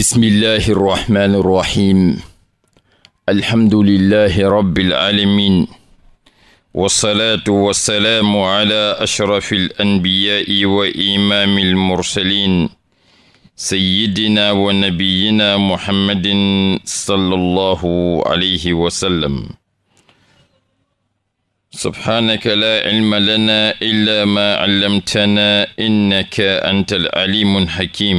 bismillahi irrahmani irrahim alhamdulillahi rabbil alamin wasalaatu wasalaamu ala ashrafi alanbiyaai wa imaami almursalin sayidina wa nabiyina muhammadin sallallahu alayhi wa sallam subhaanaka laa cilma lanaa illaa maa callamtanaa innaka anta alcalimu alxakim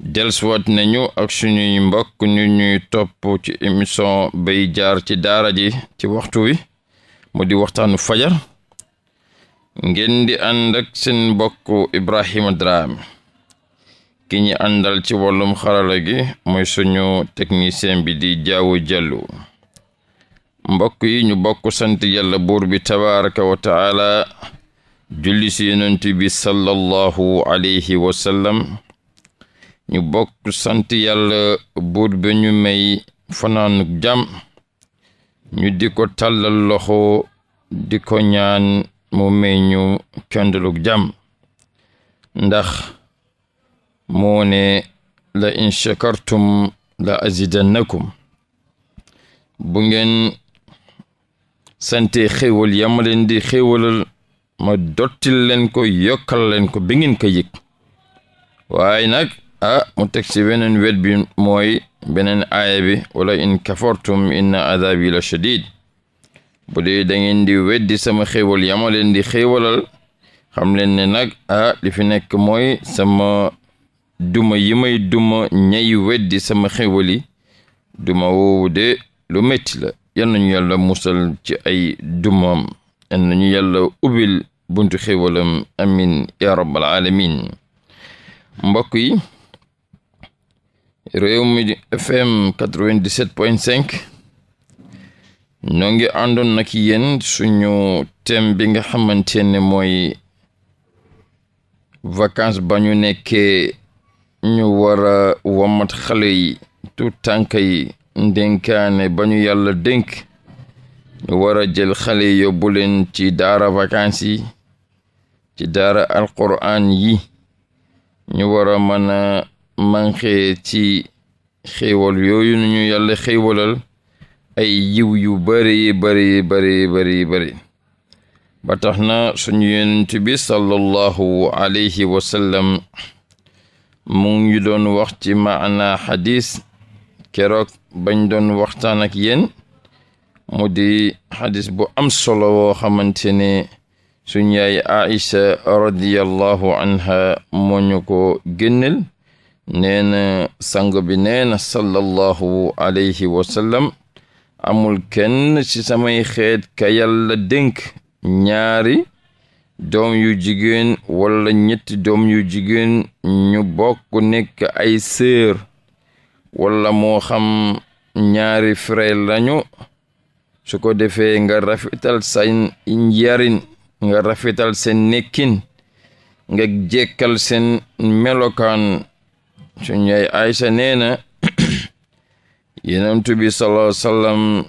delswat nañu ak suñuy mbokk ñu ñuy topp ci émission bay jaar ci daara ji ci waxtu wi mu di waxtaanu fajar ngeen di ànd ak seen mbokk Ibrahima Drame ki ñi àndal ci wàllum xarala gi mooy suñu technicien bi di jaawu jàllu mbokk yi ñu bokk sant yàlla buur bi tabaraka wa taala julli si yonent bi sallallahu alayhi wa ñu bokk sant yàlla buut ba ñu may fanaanuk jàmm ñu di ko tàllal loxo di ko ñaan mu may ñu candaluk jàmm ndax moo ne la in shakartum la azidannakum bu ngeen sante xéewal ya ma leen ma dottil leen ko yokkal leen ko bi ngeen ko yëg waaye nag ah mu teg ci beneen wet bi mooy beneen aaya bi wala in kafartum inna adabi la shadid bu dee da ngeen di weddi sama xéewal yama leen di xéewalal xam leen ne nag ah li fi nekk mooy sama duma yi may duma ñay weddi sama xéewal yi duma woowu lu métti la yal nañu yàlla musal ci ay dumam yal nañu yàlla ubbil buntu xéewalam amin ya rabbal alamin yi réew mi fm 97.5 ñoo ngi àndoon nag yéen suñu thème bi nga xamante ne mooy vacances ba ñu nekkee ñu wara a wamat xale yi tu tànk yi ndénkaane ba ñu yàlla dénk ñu war jël xale yóbbuleen ci daara vacances yi ci daara alquran yi ñu war a manqué ci xéewal yooyu nu ñu yàlla xéewalal ay yiw yu bari bari bari bari bari ba tax na suñu yonent bi sallallahu alayhi wa sallam mu ngi doon wax ci maana xadis keroog bañ doon waxtaan ak yéen mu di xadis bu am solo woo xamante ne suñ yaay Aisha radiyallahu anha moo ñu ko génnel neena na sango bi neena na sallallahu alayhi wa amul kenn ci samay xeet ka yalla dénk ñaari doom yu jigéen walla ñetti doom yu jigéen ñu bokk nekk ay sœur wala moo xam ñaari frère lañu su ko defee nga rafetal seen njarin nga rafetal seen nekkin nga jekkal seen melokaan suñ yaay Aysa nee na bi sallallahu alayhi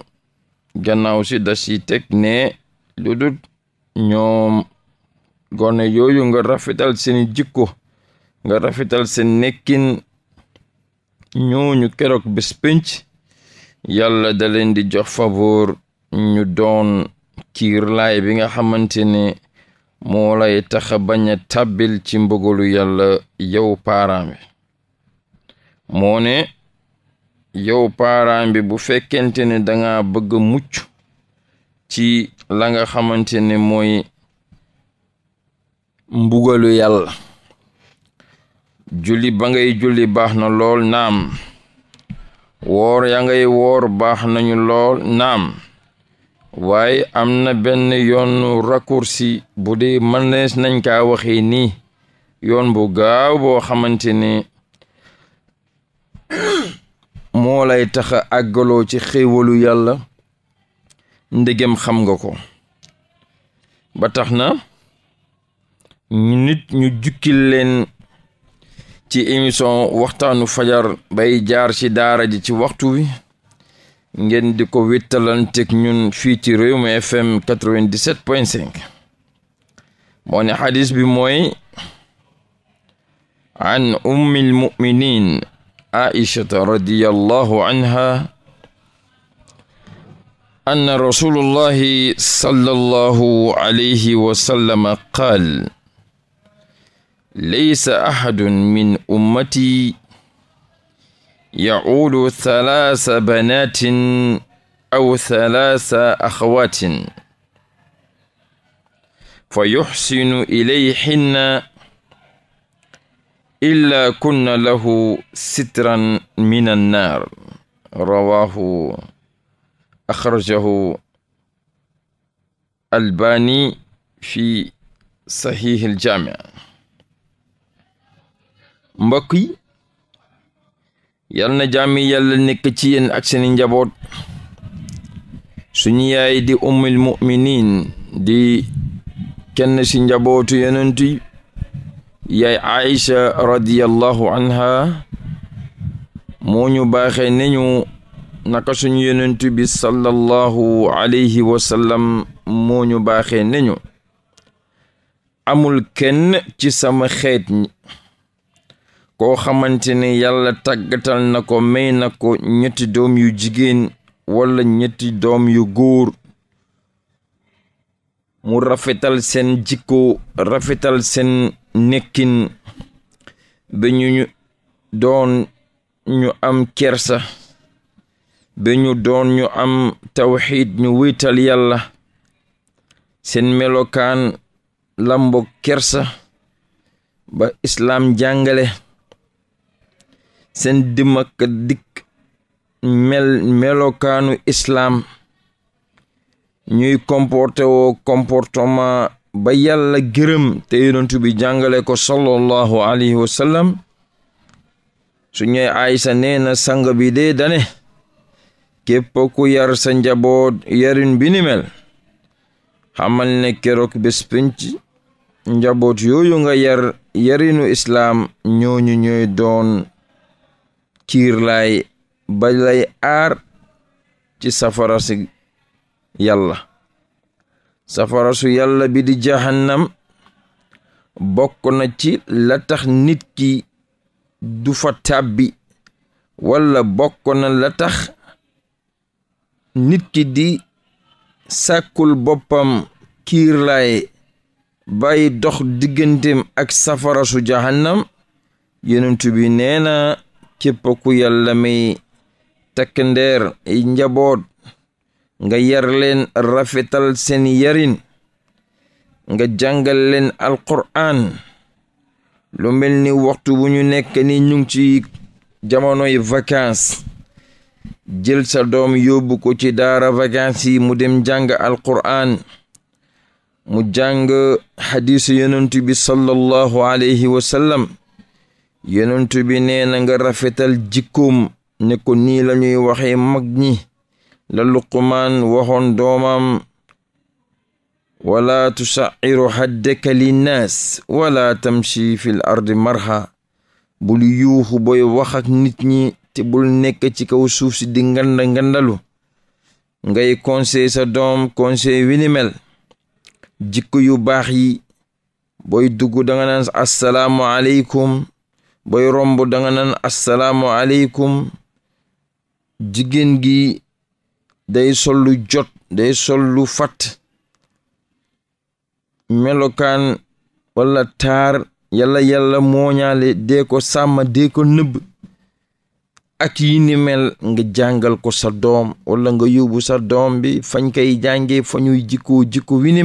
gannaaw si da si teg ne lu dul ñoom gone yooyu nga rafetal seen jikko nga rafetal seen nekkin ñooñu keroog bés pénc yàlla da leen di jox favor ñu doon kiir laay bi nga xamante ne moo lay taxa bañ a ci mbugalu yàlla yow paaraam bi moo ne yow parent bi bu fekkente ne danga bëgg mucc ci la nga xamante ne mooy mbugalu yàlla julli ba ngay julli baax na lool naam woor ya ngay woor baax nañu lool naam waaye am na benn yoon raccourci bu dee mënees nañ kaa waxee ni yoon bu gaaw boo xamante ne moo lay tax a àggaloo ci xéewalu yàlla ndegem xam nga ko ba tax na nit ñu jukkil leen ci émission waxtaanu fajar bay jaar ci daara ji ci waxtu wi ngeen di ko wittalanteeg ñun fii ci Rewmi FM 97.5 moo ne bi mooy an ummil muminin aishata radiyallahu anha anna rasulullahi sallallahu alayhi wa sallam qaal laysa ahadun min ummati yacuudu thalaasa banaatin aw thalaasa axawaatin fa yuxsinu ilayhinna illaa kunna lahu sitran min annaar rawahu axrajahu albani fi saxiix aljaami mbokk yi yal na jaami yàlla nekk ci yéen ak seeni njaboot suñu yaay di ummul muminin di kenn si njabootu yonent yaay Aïcha radiyallahu anha moo ñu baaxee ñu naka suñu yonent bi sallallahu alayhi wa sallam moo ñu baaxee ne ñu amul kenn ci sama xeet ñi koo xamante ne yàlla tàggatal na ko may na ko ñetti doom yu jigéen wala ñetti doom yu góor mu rafetal seen jikko rafetal sen nekkin ba ñu doon ñu am kersa ba ñu doon ñu am tawxiid ñu wéetal yàlla seen melokaan lambog kersa ba islaam jàngale seen dim ak dikk melokaanu islam ñuy comporté woo comportement ba yàlla gërëm te yonent bi jàngale ko sallallahu alayhi wa sallam su ñëwee Aysa nee na sang bi dee dane képp ku yar sa njaboot yarin bi ni xamal ne keroog bés njaboot yooyu nga yar yarinu islaam ñooñu ñooy doon kiir laay ba lay aar ci safara si yàlla safara su yàlla bi di jahannam bokk na ci la tax nit ki du fa tàbbi walla bokk na la tax nit ki di sakkul boppam kiirlaay bàyyi dox digganteem ak safara su jahannam yonent bi neena na képp ku yàlla may takkandeer ay njaboot nga yar leen rafetal seen yarin nga jàngal leen alqur'aan lu mel ni waxtu wu ñu nekk ni ñu ci jamonoy vacances jël sa doom yóbbu ko ci daara vacances yi mu dem jàng alqur'aan mu jàng xadiisu yonent bi sallallahu alayhi wa sallam bi neena nga rafetal jikkoom ne ko nii lañuy ñuy waxee mag ñi la luqmaan waxoon doomam wala tusaciru haddaka linnaas wala tamshi fil ardi marha bul yuuxu booy wax nit ñi te bul nekk ci kaw suuf si di nganda ngandalu ngay conseil sa doom conseil wi ni yu baax yi booy dugg danga naan assalaamu aleykum booy romb danga naan assalaamu aleykum jigéen gi day sol jot day sol lu fat melokaan wala taar yàlla yàlla mooñaale dee ko sàmm dee ko nëbb ak yi nga jàngal ko sa walla nga yóbbu sa doom bi fañ koy jànge fañuy ñuy jikkoo jikko wi ni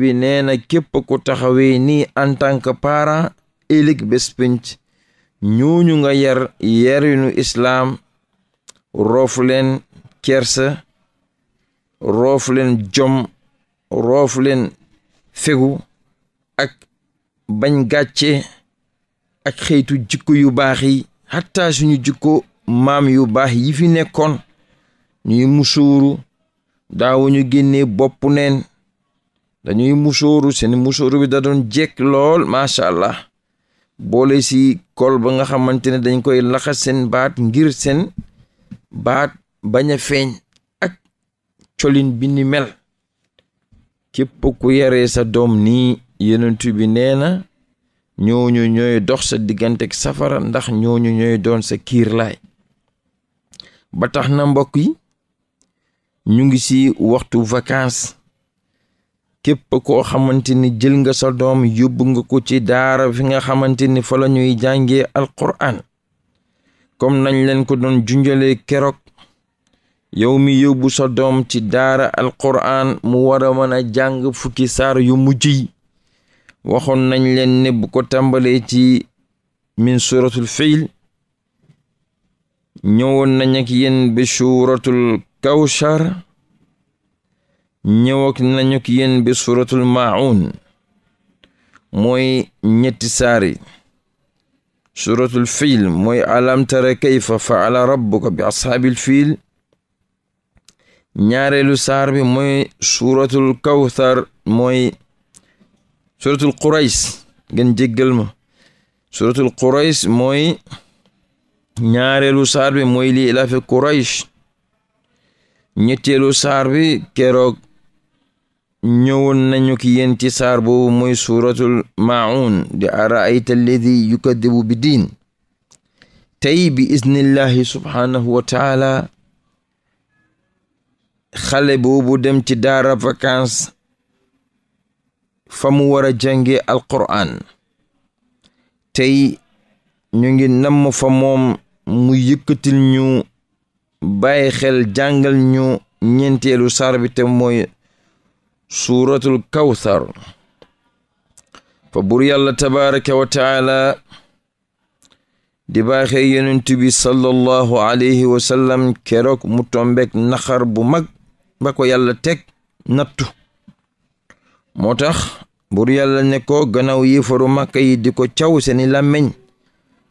bi neena na képp ku taxawee nii en tant que parent ëllëg bés pénc ñooñu nga yar yarinu islaam roofu kersa roof leen jom roof leen fegu ak bañ gàcce ak xëytu jikko yu baax yi xatta suñu jikko maam yu baax yi fi nekkoon ñuy musuuru daawuñu génnee bopp neen dañuy musóoru seen musóoru bi da jekk lool macha allah boole si kol ba nga xamante ne dañ koy laxas seen baat ngir seen baat bañ a feeñ ak colin bi ni mel képp ku yaree sa doom ni yenentu bi nee na ñooñu ñooy dox sa diggante ak safara ndax ñooñu ñooy doon sa kiirlaay ba tax na mbokk yi ñu ngi ci waxtu vacances képp koo xamante ni jël nga sa doom yóbbu nga ko ci daara fi nga xamante ni fa la ñuy jàngee alquran comme nañ leen ko doon junjale keroog yow mi yóbbu sa doom ci daara alquraan mu war a mën a jàng fukki saar yu mujj yi waxoon nañ leen ne bu tàmbalee ci min suratul fiil ñëwoon nañ ak yéen bi suratul kawsar ñëw ak nañ bi suratul maun mooy ñetti saari suratul fiil mooy alam tara kayfa faala rabbuka bi ashaabil fiil ñaareelu saar bi mooy suuratul kawthar mooy suuratul qurays ngeen jéggal ma suuratul moy mooy ñaareelu saar bi mooy li ilaafi quraysh ñetteelu saar bi keroog ñëwoon nañu ki yéen ci saar boobu mooy suuratul maun di araayta alladi yukadibu bi diin tey bi iznillahi subhaanahu wa taala xale boobu dem ci daara vacances fa mu war a jànge alquran tey ñu ngi namm fa moom mu yëkkatil ñu bàyyi xel jàngal ñu ñenteelu saar bi te mooy suuratul kawsar fa bur yàlla tabaraka wa di baaxee yonent bi sallallahu alayhi wa keroog mu tombeek naxar bu mag ba ko yàlla teg nattu moo tax bur yàlla nekkoo ko gannaaw yéefaru màkka yi di ko caw seeni làmmiñ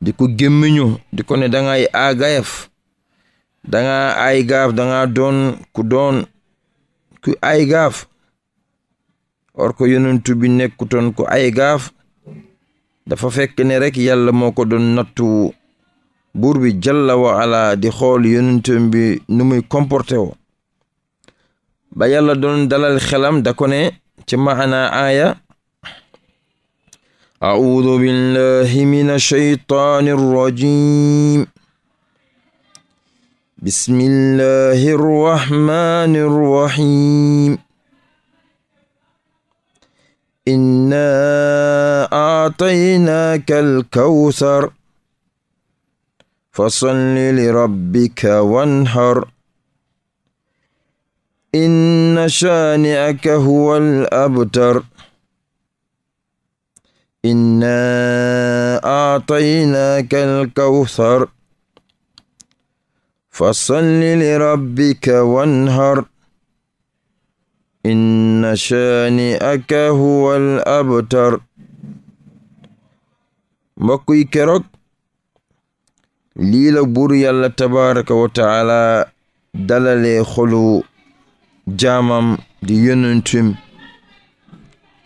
di ko gémmiñu di ko ne dangay aagayaf danga ay gaaf danga doon ku doon ku ay gaaf or ko yonentu bi nekkutoon ku ay gaaf dafa fekk ne rek yàlla moo ko doon nattu buur bi jalla wa di xool yonentam bi nu muy comporté wo ba yàlla doon dalal xelam da ko ne ci maana aaya أعوذ بالله من الشيطان الرجيم بسم الله الرحمن الرحيم إنا أعطيناك الكوثر فصل لربك وانهر inna shaani'aka huwal abtar inna aataynaaka alkawthar fasalli lirabbika wanhar inna shaani'aka huwal abtar mbokk yi keroog lii la buur yàlla tabaaraka wa taala dalalee xolu jaamam di yonentum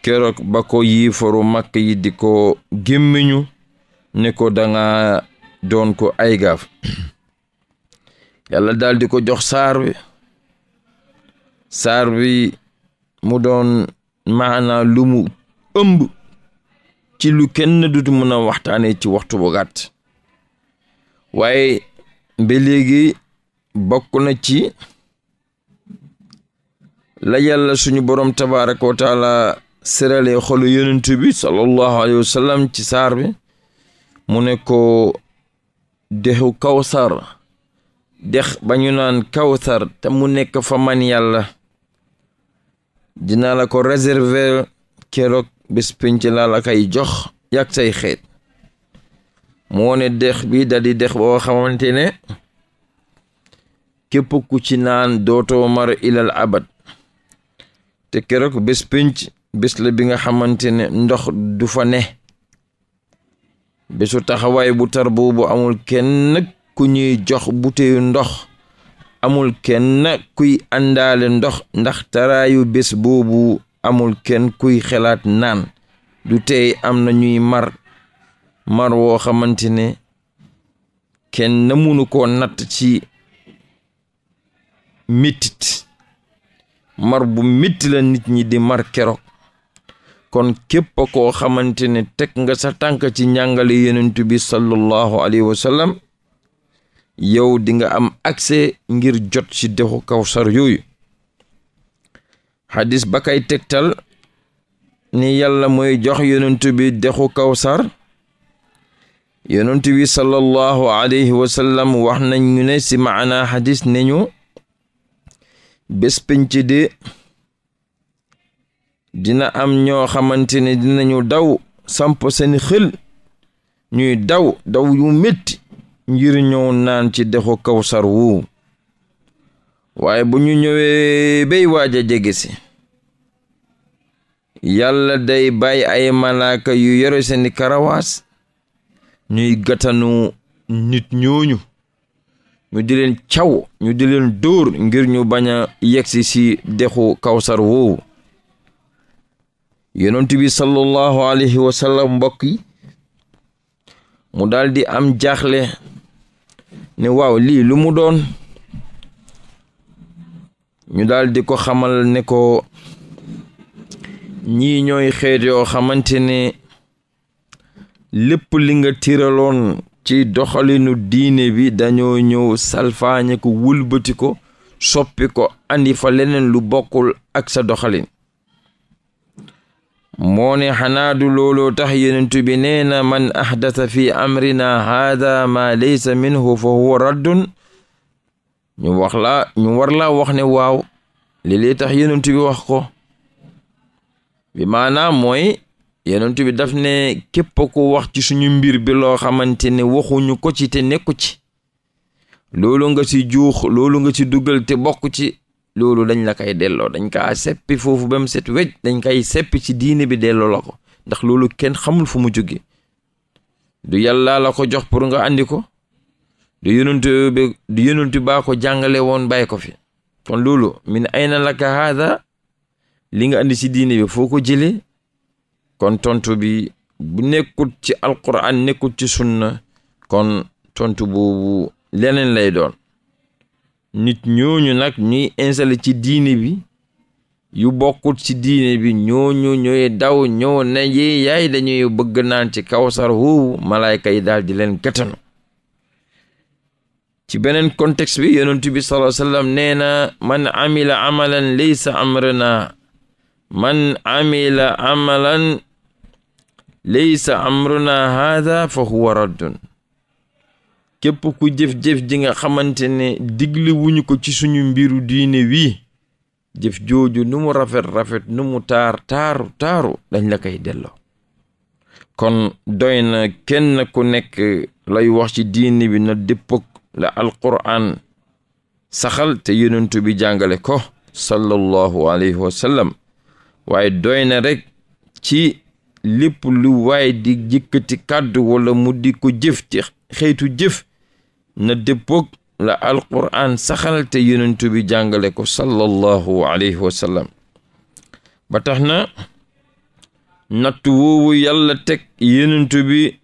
keroog ba ko yiifaru makk yi di ko gémmiñu ni ko danga doon ko ay gaaf yàlla daal ko jox saar bi mu doon maanaa lu ëmb ci lu kenn du mën a waxtaane ci waxtu bu gàtt waaye ba léegi bokk na ci la yàlla suñu borom tabaaraka wa taala xolu yonent bi sallallahu alayhi wa ci saar bi mu ne ko dexu kawsar dex ba ñu naan kawsar te mu nekk fa man yàlla dinaa la ko réserver keroog bés pénc laa la jox yàgg say xeet moo ne dex bi da dex boo xamante ne képp ku ci naan dootoo mar ilal abad te keroog bés pénc bés la bi nga xamante ne ndox du fa ne bésu taxawaay bu tar boobu amul kenn ku ñuy jox butéyu ndox amul kenn kuy àndaale ndox ndax taraayu bés boobu amul kenn kuy xalaat naan du tey am na ñuy mar mar woo xamante ne kenn na munu natt ci mitit mar bu métti la nit ñi di mar keroog kon képp koo xamante ne teg nga sa tànk ci njàngale yonent bi sallallahu alayhi wa sallam yow di am accès ngir jot ci dexu kawsar yooyu xadis ba kay tegtal ni yàlla mooy jox yonent bi dexu kawsar yonent bi sallallahu alayhi wa wax nañ ñu ne si maana xadis ne ñu bés penc de dina am ñoo xamante ne dinañu daw sampo seen xel ñuy daw daw yu metti ngir ñëw naan ci dexu kawsar wu waaye bu ñu ñëwee bay waaja a jege si yàlla day bàyyi ay malaaka yu yore seeni karawaas ñuy gatanu nit ñooñu ñu di leen caw ñu di leen dóor ngir ñu bañ a yegsi si dexu kawsar woowu yonent bi sallallahu alayhi wa sallam mbokk yi mu daldi am jaaxle ne waaw lii lu mu doon ñu daldi ko xamal ne ko ñii ñooy xeet yoo xamante ne lépp li nga tiraloon ci doxalinu diine bi dañoo ñëw salfaañe ko wulbati ko soppi ko andi fa leneen lu bokkul ak sa doxalin moone ne xanaa looloo tax yenentu bi nee na man ahdata fi amrina haada maa laysa minhu fa huwa raddun ñu wax ñu war wax ne waaw li tax yenentu bi wax ko bi maanaam mooy yonent bi daf ne képp ko wax ci suñu mbir bi loo xamante ne waxuñu ko ci te nekku ci loolu nga ci juux loolu nga ci dugal te bokku ci loolu dañ la koy delloo dañ kaa seppi foofu ba mu set wecc dañ koy seppi ci diine bi delloo la ko ndax loolu kenn xamul fu mu jóge du yàlla la ko jox pour nga andi ko du yonent bi du yonent jàngale woon bàyyi ko fi kon loolu min ayna laka haada li nga andi ci diine bi foo ko jëlee kon tontu bi bu nekkul ci alquran nekkul ci sunna kon tontu boobu leneen lay doon nit ñooñu nag ñuy installé ci diine bi yu bokkut ci diine bi ñooñu ñooy daw ñoo ne yee yaay dañuy bëgg naan ci kawsar woowu malaayka yi daal di leen kattanu ci beneen contexte bi yonent bi sallallahu alayhi nee na man amila amalan laysa amrana man amila amalan laysa amruna haada fa huwa raddun képp ku jëf-jëf ji nga xamante ne digle wuñu ko ci suñu mbiru diine wii jëf jooju nu mu rafet-rafet nu mu taar taaru taaru dañ la koy delloo kon doy na kenn ku nekk lay wax ci diine bi na dëppog la alquran saxal te yonentu bi jàngale ko sallallahu alayhi wa waaye doy na rekk ci lépp lu waaye di jëkkati kàddu wala mu di ko jëf xeetu jëf na dëppoog la alquran saxal te yonentu bi jàngale ko sallallahu alayhi wa sallam ba tax na nattu woowu yàlla teg yonentu bi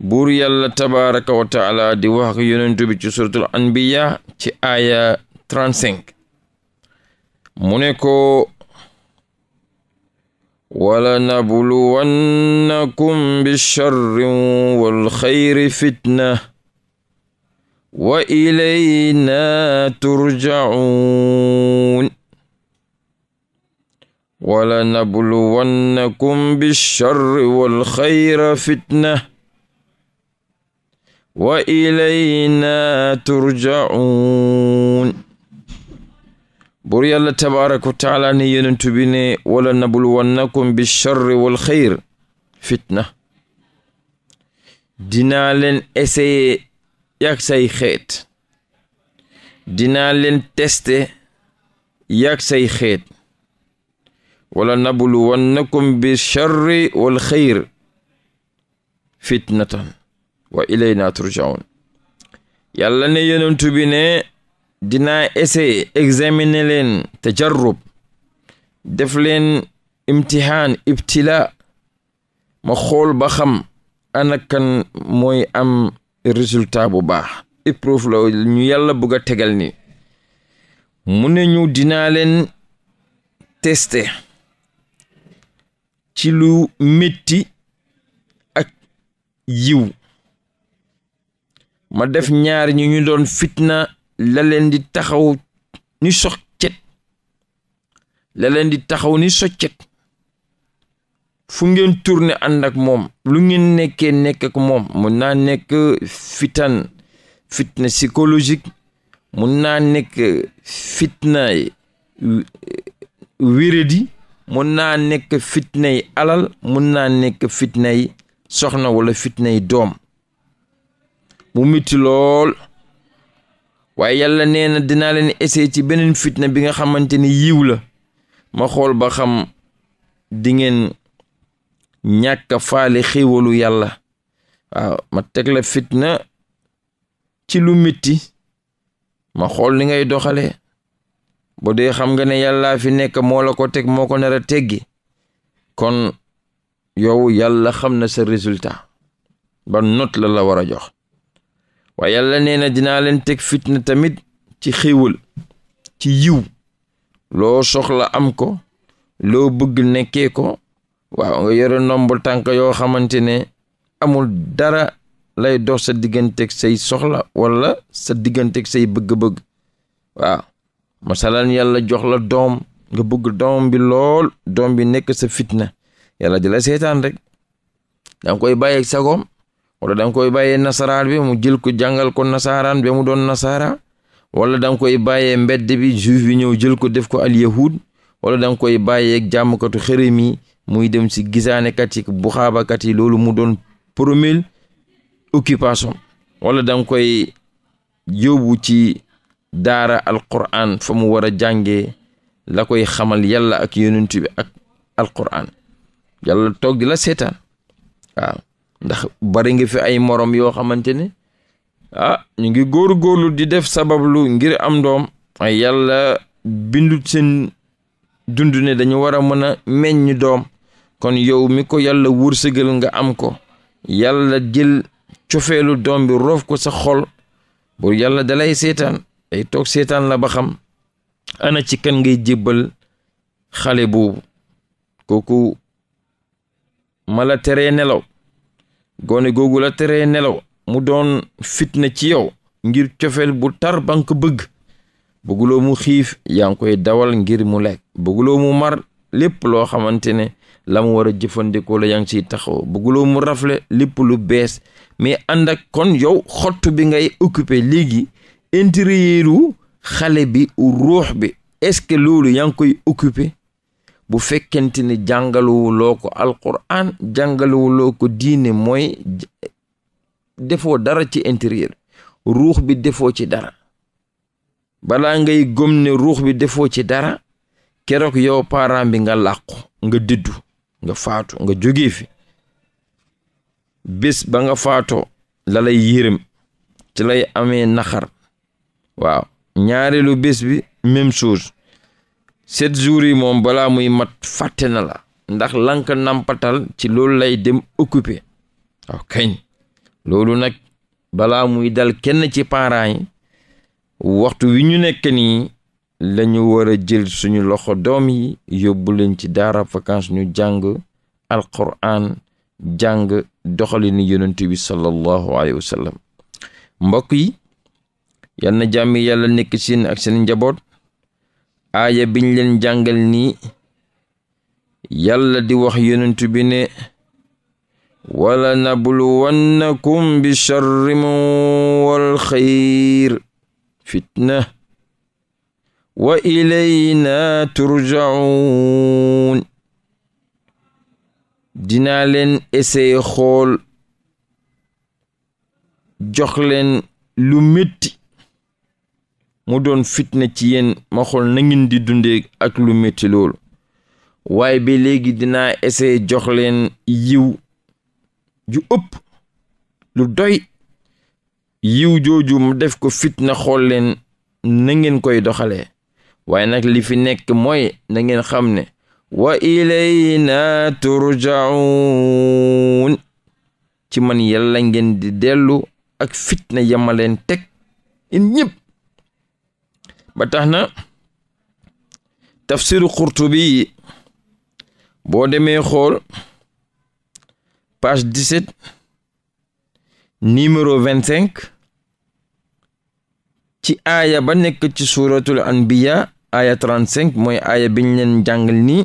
buur yàlla tabaraka wa taala di wax ak yonentu bi ci suratul anbiya ci aaya 35 mu ولنبلونكم بالشر والخير فتنة وإلينا ترجعون ولنبلونكم بالشر والخير فتنة وإلينا ترجعون buur yàlla tabaaraka wa taala ne yonentu bi ne wala nabluwannakum bi charri wal xayr fitna dinaa leen essayer yàgg say xeet dinaa leen teste yàgg say xeet wala nabluwannakum bi charri wal xayr fitnatan wa ilayna turjaun yàlla ne yonentu bi ne dinaa essayer examiner leen tajarrub def leen imtihaan ibtila ma xool ba xam ana kan mooy am résultat bu baax épreuve la ñu yàlla bëgg a tegal ni mu ne ñu dinaa leen tester ci lu metti ak yiw ma def ñaar ñu ñu doon fitna la di taxaw ni soccet la leen di taxaw ni soccet fu ngeen tourné ànd ak moom lu ngeen nekke nekk ak moom mun naa nekk fitan fitna psychologique mun naa nekk fitnay euh, wéredi mun naa nekk fitnay alal mun naa nekk fitnay soxna wala fitnay doom mu metti lool waaye yàlla nee na dinaa leen essayer ci beneen fitna bi nga xamante ni yiw la ma xool ba xam dingeen ngeen ñàkk faale xéewalu yàlla waaw ma teg la fitna ci lu mitti ma xool ni ngay doxale ba dee xam nga ne yàllaa fi nekk moo la ko teg moo ko nar a teggi kon yow yàlla xam na sa résultat ba note la la war a jox waa yàlla nee na dinaa leen teg fitna tamit ci xéwal ci yiw loo soxla am ko loo bëgg nekkee ko waaw nga yore ndombul tànk yoo xamante ne amul dara lay dox sa digganteeg say soxla wala sa digganteeg say bëgg-bëgg waaw masalan yàlla jox la doom nga bëgg doom bi lool doom bi nekk sa fitna yàlla di la seetaan rek danga koy bàyyi sagoom wala da nga koy bàyyee nasaraan bi mu jël ko jàngal ko nasaaraan ba mu doon nasaara wala da nga koy bàyyee mbedd bi juif bi ñëw jël ko def ko al yahud wala da nga koy bàyyee jàmmkatu xërëm yi muy dem si gisaanekat yi buxaabakat yi loolu mu doon premier occupation wala da nga koy ci daara alquran fa mu war a jàngee la koy xamal yàlla ak yonent bi ak alquran seetaan ndax bari nga fi ay morom yoo xamante ne ah ñu ngi góor-góorlu di def sabablu ngir am doom ay yàlla bindu seen dund ne dañu war a mën a meññ doom kon yow mi ko yàlla wërsëgal nga am ko yàlla jël cofeelu doom bi roof ko sa xol bu yàlla dalay seetaan ay toog seetaan la ba xam ana ci kan ngay jébbal xale boobu kooku mala tere nelaw gone googu la teree nelaw mu doon fitna ci yow ngir cofeel bu tar bank bëgg bëgguloo mu xiif yaa ngi koy dawal ngir mu lekk bëgguloo mu mar lépp loo xamante ne la mu war a jëfandikoo la yaa ngi ciy taxaw bëgguloo mu rafle lépp lu bees mais ànd ak kon yow xottu bi ngay occupé léegi intérieur xale bi ruux bi est-ce que loolu yaa ngi koy occupé bu fekkente ne jàngaluwuloo ko alquran jàngaluwuloo ko diine mooy defoo dara ci intérieur ruux bi defoo ci dara balaa ngay gëm ne ruux bi defoo ci dara keroog yow parent bi nga làqu nga dëddu nga faatu nga jóge fi bés ba nga faatoo la lay ci lay amee naxar waaw ñaareelu bés bi même chose sept jours moom balaa muy mat fàtte na la ndax lank nampatal ci loolu lay dem occupé waaw kañ loolu nag balaa muy dal kenn ci parents yi waxtu wi ñu nekk nii lañu war a jël suñu loxo doom yi yóbbu leen ci daara vacances ñu jàng alquran jàng doxalinu yonent bi sallallahu alayhi mbokk yi yal na jàmm yàlla nekk seen ak seen njaboot aaya biñ leen jàngal nii yàlla di wax yonent bi ne wala nabluwannakum bi charri wal xayr fitna wa ilayna turjaun dinaa leen essayé xool jox leen lu métti mu doon fitna ci yéen ma xool na di dundee ak lu metti loolu waaye ba léegi dinaa essayer jox leen yiw ju ëpp lu doy yiw jooju mu def ko fitna xool leen na ngeen koy doxalee waaye nag li fi nekk mooy nangeen xam ne wa ilayna turjaun ci man yàlla ngeen di dellu ak fitna yamaleen teg in ñëpp ba tax na tafsiru Qurtubi boo demee xool page 17 numéro 25 ci aya ba nekk ci suuratul anbiya aaya 35 mooy aaya biñ leen jàngal nii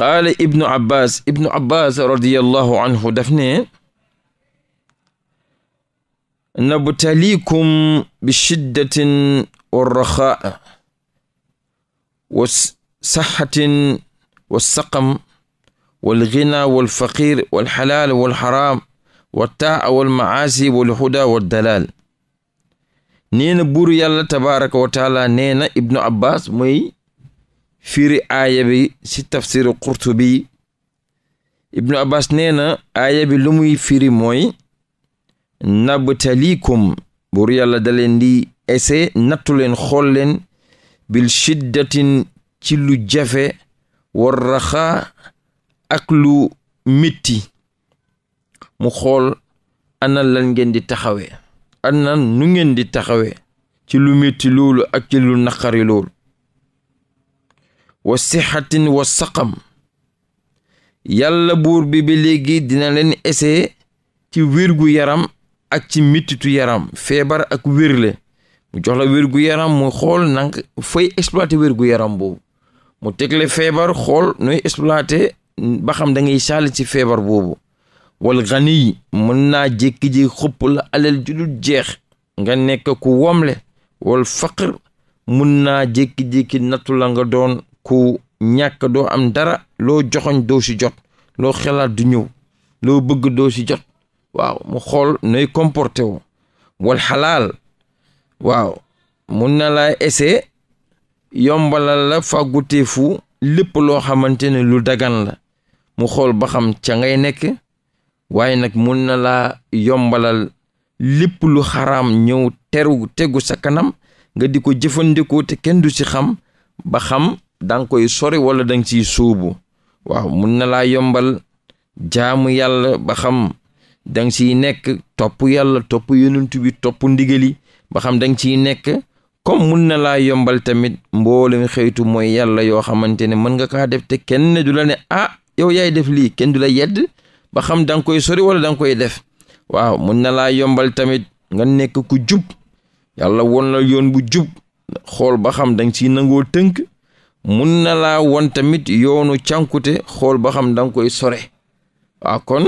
qaala ibnu abbas ibnu abbas radiyallahu anhu daf ne nabtalikum bishiddatin wa raxaa wa saxatin wa saqam walxina walfaqir walxalaal walxaraam waltaa'a walmacaasi walhuda waddalaal nee na buur yàlla tabaraka wa taala nee na ibnu abbas mooy fiiri aaya bi si tafsir qurtubi ibnu abbas nee na aaya bi lu muy fiiri mooy nabtalikum buur yàlla da leen di ese nattu leen xool leen bil shiddatin ci lu jafe war ak lu mitti mu xool ana lan di taxawe ana nu ngeen di taxawe ci lu metti loolu ak ci naqari loolu wa sixatin wa saqam yàlla buur bi ba léegi dina leen ese ci wirgu yaram ak ci mettitu yaram feebar ak wérle mu joxla la wérgu yaram mu xool nang fooy exploité wérgu yaram boobu mu tegle feebar xool nooy exploité ba xam da ngay ci feebar boobu wal xani yi mën naa jékki-jékki xupp la alal ju jeex nga nekk ku womle wal faqr mun naa jékki-jékki nattu la nga doon ku ñàkk doo am dara loo joxoñ doo ci jot loo xelaat du ñëw loo bëgg doo si jot waaw mu xool nooy comporté wu wal xalaal waaw mun na la ese yombalal la fàgguteefu lépp loo xamante ne lu dagan la mu xool ba xam ca ngay nekk waaye nag mun na laa yombalal lépp lu xaraam ñëw teru tegu sa kanam nga di ko jëfandikoo te kenn du si xam ba xam danga koy sori walla danga ciy suubu waaw mun na laa yombal jaamu yàlla ba xam da nga siy nekk topp yàlla topp yonent bi topp ndigal yi ba xam da nga siy nekk comme mun na laa yombal tamit mboolem xëytu mooy yàlla yoo xamante ne mën nga kaa def te kenn du la ne ah yow yaay def lii kenn du la yedd ba xam da koy sore wala da koy def waaw mun na laa yombal tamit nga nekk ku jub yàlla won la yoon bu jub xool ba xam da nga siy tënk mun na laa won tamit yoonu cànkute xool ba xam da nga koy sore waaw kon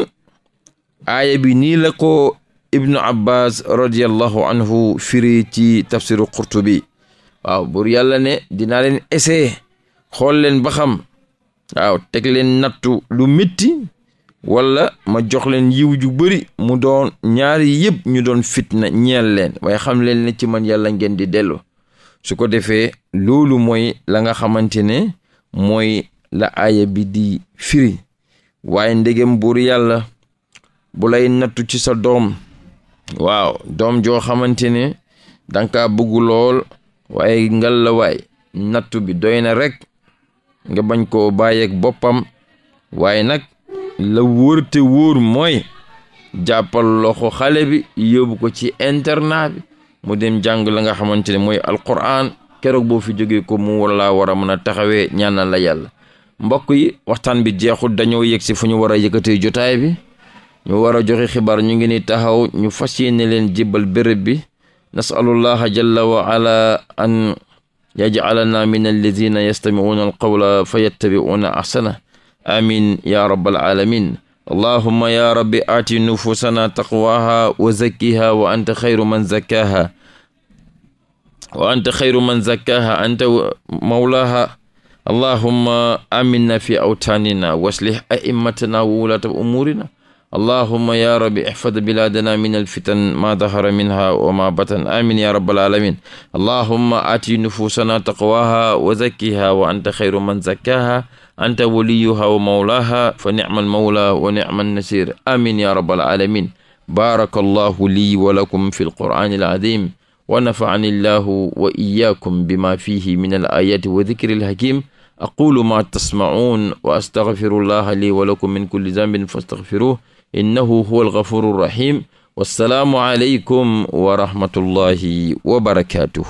aaya bi nii la ko ibnu abbas radiallahu anhu firi ci tafsiru qurtubi waaw buur yàlla ne dinaa leen essayer xool leen ba xam waaw teg leen nattu lu métti walla ma jox leen yiw ju bëri mu doon ñaari yëpp ñu doon fitna ñeel leen waaye xam leen ne ci man yàlla ngeen di dellu su ko defee loolu mooy la nga xamante ne mooy la aaya bi di firi waaye ndegem buur yàlla bu lay nattu ci sa doom waaw doom joo xamante ne danga kaa lool waaye ngal la nattu bi doy na rek nga bañ koo bàyyeeg boppam waaye nag la wóor wóor mooy jàppal loxo xale bi yóbbu ko ci internat bi mu dem jàng la nga xamante ne mooy alquran keroog boo fi jógee ko mu wala war a mën a taxawee ñaanal la yàlla mbokk yi waxtaan bi jeexul dañoo yegg si fu ñu war a yëkkatee jotaay bi ñu war a joxe xibaar ñu ngi ni taxaw ñu fas yéene leen jébbal béréb bi nasalullaha jalla wa ala an yajcalana min alladina yastamicuuna alqawla fa yattabicuuna axsana amin ya rabbal alamin allahuma ya rabbi aati nufusana taqwaha wa zakkiha wa anta xayru man zakkaha wa anta xayru man zakkaha anta mawlaha allahuma aminna fi awtaanina waslih aimatana wa wulaata umuurina allahuma ya rabbi ihfad bilaadana min alfitan maa dahara minha wa maa batan amin ya rabbal alamin allahuma aati nufuusana taqwaha wa zakkiha wa anta xayru man zakkaha anta waliyuha wa mawlaha fa nicma almawla wa nicma annasir amin ya rabbal alamin baaraka allahu lii wa lakum fi alqur'ani alazim wa nafa'ani allahu wa iyyakum bima fihi min alayati wa dikri alhakim aqulu ma tasma'un wa astaghfiru allaha lii wa lakum min kulli dhanbin fastaghfiruhu innahu huwa alghafuru rahim wassalaamu aleykum wa rahmatullahi wa barakatuhu